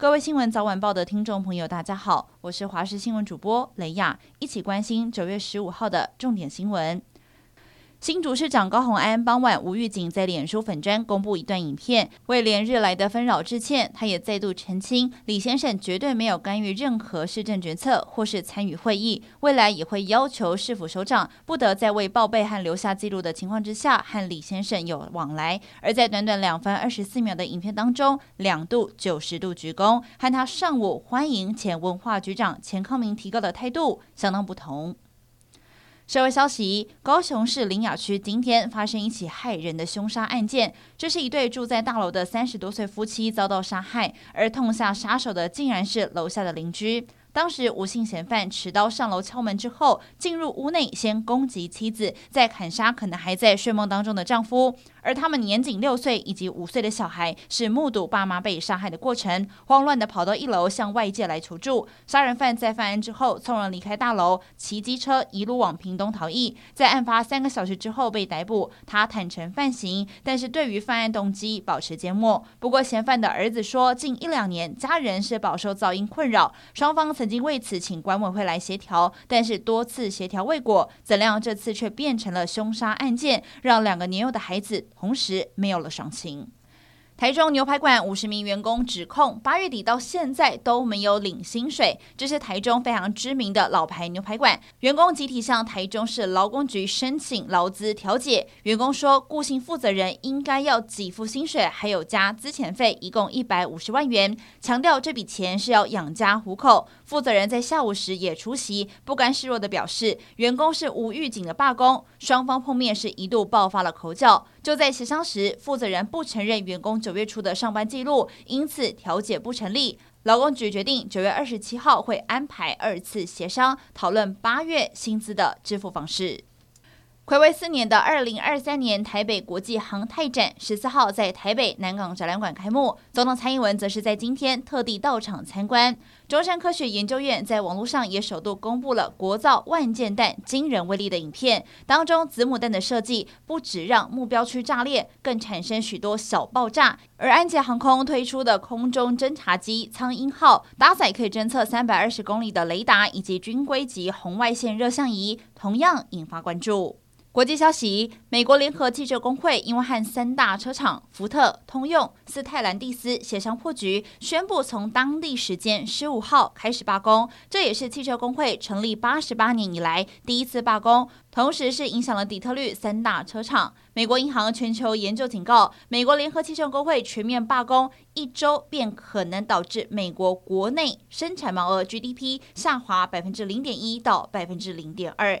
各位新聞早晚報的聽眾朋友，大家好，我是華視新聞主播雷亞，一起關心九月十五號的重點新聞。新竹市長高虹安傍晚無預警在臉書粉專公布一段影片，為連日來的紛擾致歉。他也再度澄清，李先生絕對沒有干預任何市政決策或是參與會議。未來也會要求市府首長不得在未報備和留下記錄的情況之下，和李先生有往來。而在短短兩分二十四秒的影片當中，兩度九十度鞠躬，和他上午歡迎前文化局長錢康明提高的態度相當不同。社會消息：高雄市林雅區今天發生一起駭人的凶殺案件，這是一對住在大樓的三十多歲夫妻遭到殺害，而痛下殺手的竟然是樓下的鄰居。當時，吳姓嫌犯持刀上樓敲門之後，進入屋內，先攻擊妻子，再砍殺可能還在睡夢當中的丈夫。而他們年僅六歲以及五歲的小孩是目睹爸媽被殺害的過程，慌亂地跑到一樓向外界來求助。殺人犯在犯案之後，匆忙離開大樓，騎機車一路往屏東逃逸，在案發三個小時之後被逮捕。他坦承犯行，但是對於犯案動機保持緘默。不過，嫌犯的兒子說，近一兩年家人是飽受噪音困擾，雙方曾經為此請管委會來協調，但是多次協調未果，怎料這次卻變成了兇殺案件，讓兩個年幼的孩子。同時，沒有了賞情。台中牛排館五十名員工指控，八月底到現在都沒有領薪水。這是台中非常知名的老牌牛排館，員工集體向台中市勞工局申請勞資調解。員工說，顧姓負責人應該要給付薪水，還有加資遣費，一共一百五十萬元，強調這筆錢是要養家糊口。負責人在下午時也出席，不甘示弱的表示，員工是無預警的罷工。雙方碰面是一度爆發了口角，就在協商時，負責人不承認員工就九月初的上班記錄，因此調解不成立。勞工局決定九月二十七號會安排二次協商，討論八月薪資的支付方式。暌違四年的二零二三年台北國際航太展十四號在台北南港展覽館開幕，總統蔡英文則是在今天特地到場參觀。中山科學研究院在網絡上也首度公布了“國造萬劍彈”驚人威力的影片，當中子母彈的設計不只讓目標區炸裂，更產生許多小爆炸。而安捷航空推出的空中偵察機“蒼鷹號”，搭載可以偵測三百二十公里的雷達以及軍規級紅外線熱像儀，同樣引發關注。國際消息：美國聯合汽車工會因為和三大車廠福特、通用、斯泰蘭蒂斯協商破局，宣佈從當地時間十五號開始罷工，這也是汽車工會成立八十八年以來第一次罷工，同時是影響了底特律三大車廠。美國銀行全球研究警告，美國聯合汽車工會全面罷工一週，便可能導致美國國內生產毛額 GDP 下滑百分之零點一到百分之零點二。